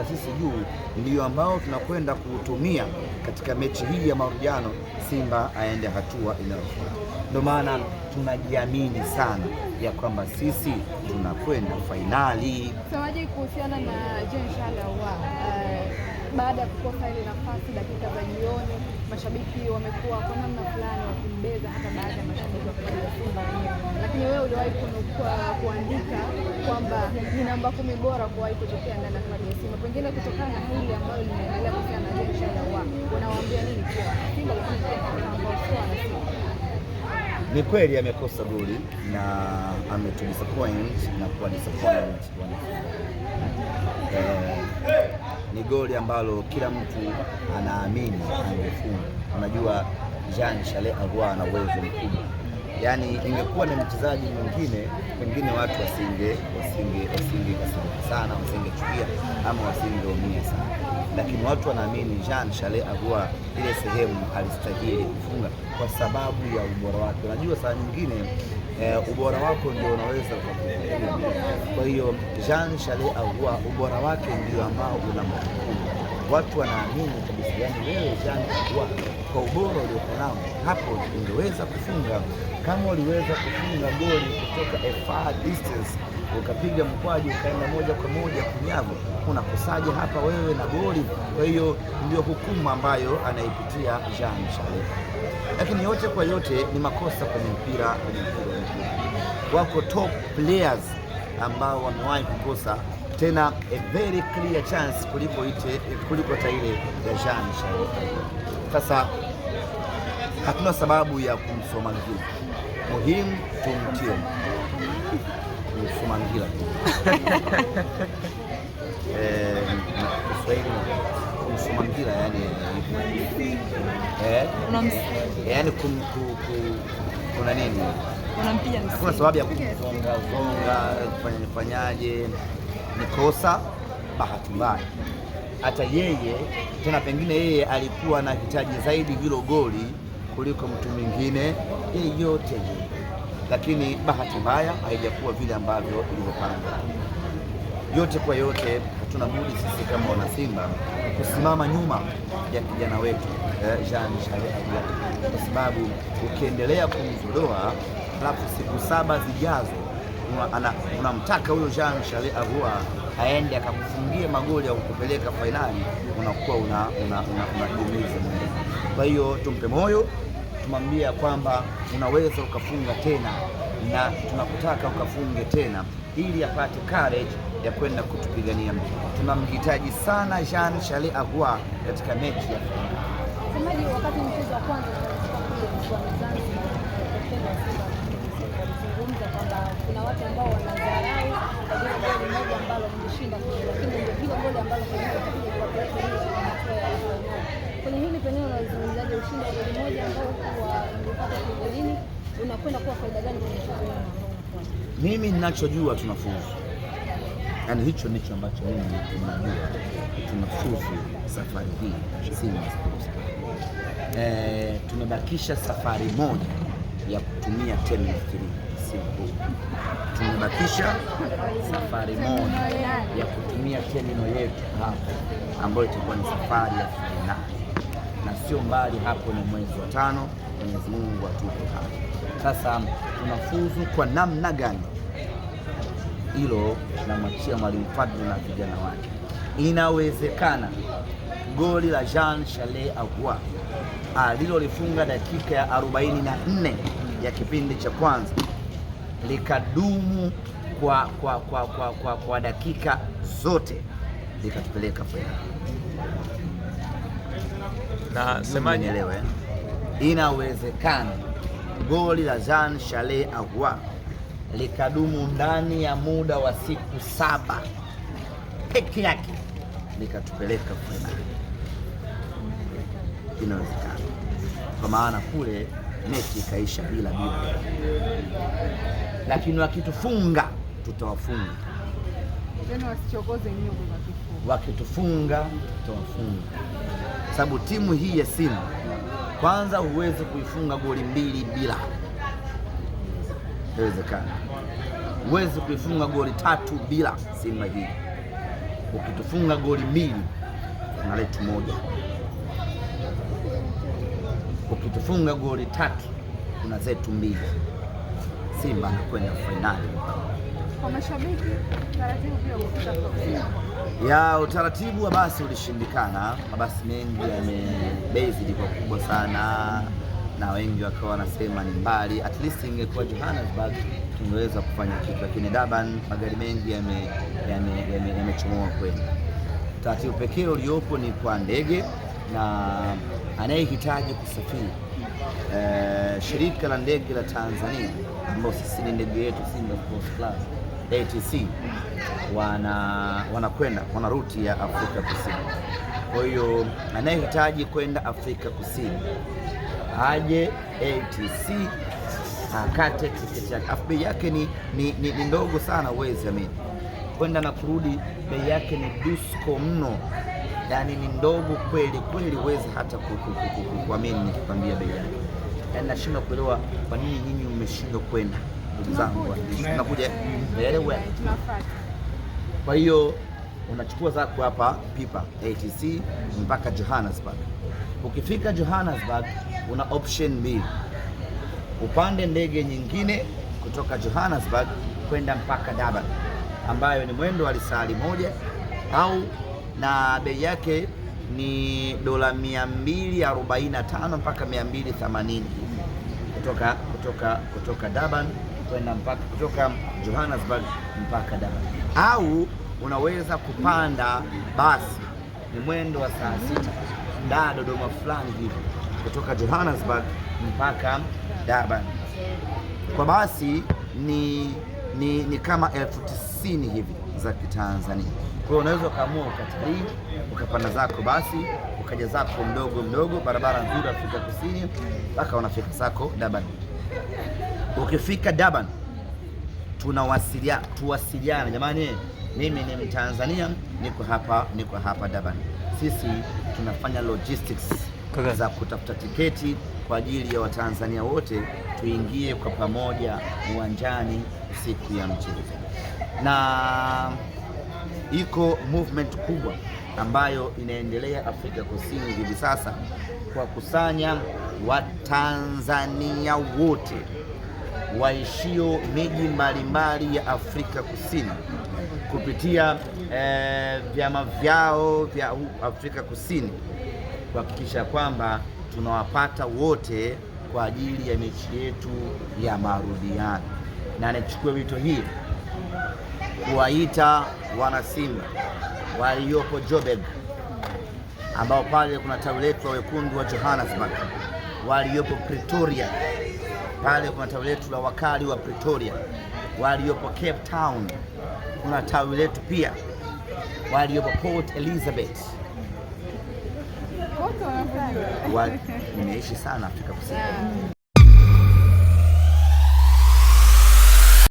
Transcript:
na sisi juu, ndiyo ambao tunakwenda kuutumia katika mechi hii ya marudiano, Simba aende hatua inayofuata. Ndio maana tunajiamini sana ya kwamba sisi tunakwenda fainali. Semaje kuhusiana na Jean Charles Ahoua? baada ya kukosa ile nafasi dakika za jioni, mashabiki wamekuwa kwa namna fulani wakimbeza, hata baada ya mashabiki wa Simba wenyewe. Lakini wewe uliwahi kuandika kwamba ni namba kumi bora kuwahi kutokea ndani ya klabu ya Simba, pengine kutokana na hili ambayo linaendelea kuhusiana na Jean wa unawaambia nini kwa Simba lakini Ni kweli amekosa goli na ametudisappoint na kuwa disappoint Eh, ni goli ambalo kila mtu anaamini angefunga. Unajua Jean Charles Ahoua ana uwezo mkubwa, yaani ingekuwa ni mchezaji mwingine, pengine watu wasinge wasinge wasinge kasirika sana, wasingechukia ama wasingeumia sana, lakini watu wanaamini Jean Charles Ahoua ile sehemu alistahili kufunga kwa sababu ya ubora wake. Unajua saa nyingine eh, ubora wako ndio unaweza kumhukumu. Kwa hiyo Jean Charles Ahoua ubora wake ndio ambao unamhukumu. Watu wanaamini kabisa, yani wewe Jean Ahoua kwa ubora uliokuwa nao hapo ungeweza kufunga. Kama uliweza kufunga goli kutoka a far distance, ukapiga mkwaju ukaenda moja kwa moja kunyavu yako unakosaje hapa wewe na goli. Kwa hiyo ndio hukumu ambayo anaipitia Jean Charles, lakini yote kwa yote ni makosa kwenye mpira, kwenye mpira wako top players ambao wamewahi kukosa tena a very clear chance kuliko ite kuliko hata ya Jean Charles. Sasa hatuna sababu ya kumsoma vizuri, muhimu tumtie kumsoma ngila Kiswahili eh, kumsumangila yani kuna nini, hakuna sababu ya kuzongazonga kufanya fanyaje, ni kosa bahati mbaya. Hata yeye tena pengine yeye alikuwa na hitaji zaidi hilo goli kuliko mtu mwingine yeyote, lakini bahati mbaya haijakuwa vile ambavyo ilivyopangwa. Yote kwa yote, hatuna budi sisi kama Simba kusimama nyuma ya kijana wetu eh, Jean Charles kwa sababu ukiendelea kumzodoa alafu siku saba zijazo unamtaka huyo Jean Charles Ahoua aende akakufungia magoli au kukupeleka fainali, unakuwa unajiumiza una, una, una. Kwa hiyo tumpe moyo, tumwambie ya kwamba unaweza ukafunga tena na tunakutaka ukafunge tena, ili apate courage ya kwenda kutupigania mbele. Tunamhitaji sana Jean Charles Ahoua katika mechi ya mimi ninachojua tunafuzu Yani hicho ndicho ambacho mimi tunajua tunafuzu safari hii Simba Sports Club. E, tumebakisha safari moja ya kutumia terminal 3 tumebakisha safari moja ya kutumia terminal yetu hapo ambayo itakuwa ni safari ya finali na sio mbali hapo, ni mwezi wa tano. Mwenyezi Mungu atupe hapo. sasa, tunafuzu kwa namna gani? hilo namwachia Mwalimu Fadlu na vijana wake. Inawezekana goli la Jean Charles Ahoua alilolifunga ah, dakika ya 44 ya kipindi cha kwanza likadumu kwa, kwa, kwa, kwa, kwa, kwa dakika zote likatupeleka na semaji elewe, inawezekana goli la Jean Charles Ahoua likadumu ndani ya muda wa siku saba peke yake, likatupeleka kule. Inawezekana kwa maana kule mechi ikaisha bila bila, lakini wakitufunga tutawafunga, wakitufunga tutawafunga, sababu timu hii ya Simba kwanza, huwezi kuifunga goli mbili bila, inawezekana huwezi kuifunga goli tatu bila Simba hii. Ukitufunga goli mbili kuna letu moja, ukitufunga goli tatu kuna zetu mbili. Simba anakwenda fainali. Ya utaratibu wa basi ulishindikana, mabasi mengi yamebezi ilikuwa kubwa sana na wengi wakawa wanasema ni mbali, at least ingekuwa Johannesburg tungeweza kufanya kitu, lakini Durban magari mengi yamechomoa yame, kweli. Taratibu pekee uliopo ni kwa ndege na anayehitaji kusafiri e, shirika la ndege la Tanzania ambao sisi ni ndege yetu Simba Sports Class ATC wana wanakwenda wana ruti ya Afrika Kusini. Kwa hiyo anayehitaji kwenda Afrika Kusini aje ATC akate ah, tiketi yake, afu bei yake ni, ni, ni, ni ndogo sana wezi amini kwenda na kurudi, bei yake ni dusko mno, yani ni ndogo kweli kweli, wezi hata kuamini nikikwambia bei yake, yani nashindwa kuelewa kwa nini nyinyi mmeshindwa kwenda, ndugu zangu, nakuja mm. elewe. Kwa hiyo unachukua zako hapa pipa ATC mpaka Johannesburg. Ukifika Johannesburg una option mbili upande ndege nyingine kutoka Johannesburg kwenda mpaka Durban ambayo ni mwendo wa lisali moja au na bei yake ni dola 245 mpaka 280 kutoka kutoka kutoka Durban kwenda mpaka kutoka Johannesburg mpaka Durban, au unaweza kupanda basi, ni mwendo wa saa sita da Dodoma fulani hivi kutoka Johannesburg mpaka Daban. Kwa basi ni, ni, ni kama elfu tisini hivi za Kitanzania. Kwa hiyo unaweza ukaamua ukatalii ukapanda zako basi ukaja zako mdogo mdogo, barabara nzuri Afrika Kusini, mpaka unafika zako Daban. Ukifika Daban tunawasilia tuwasiliana, jamani, mimi ni Mtanzania, niko hapa niko hapa Daban. Sisi tunafanya logistics Kaka. za kutafuta tiketi kwa ajili ya Watanzania wote tuingie kwa pamoja uwanjani siku ya mchezo, na iko movement kubwa ambayo inaendelea Afrika Kusini hivi sasa kwa kusanya Watanzania wote waishio miji mbalimbali ya Afrika Kusini kupitia eh, vyama vyao vya Afrika Kusini kuhakikisha kwamba tunawapata wote kwa ajili ya mechi yetu ya marudiano, na nichukue wito hii kuwaita wanasimba waliopo Joburg ambao pale kuna tawi letu la wekundu wa Johannesburg, waliopo Pretoria pale kuna tawi letu la wakali wa Pretoria, waliopo Cape Town kuna tawi letu pia, waliopo Port Elizabeth watu wanaishi sana Afrika Kusini.